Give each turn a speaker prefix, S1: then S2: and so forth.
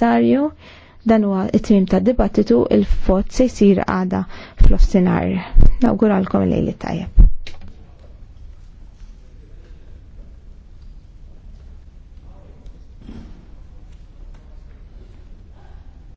S1: Kummissarju, dan huwa it-trim ta' dibattitu il-fot se jsir għada fl-ofsinar. Nawguralkom lejli tajjeb.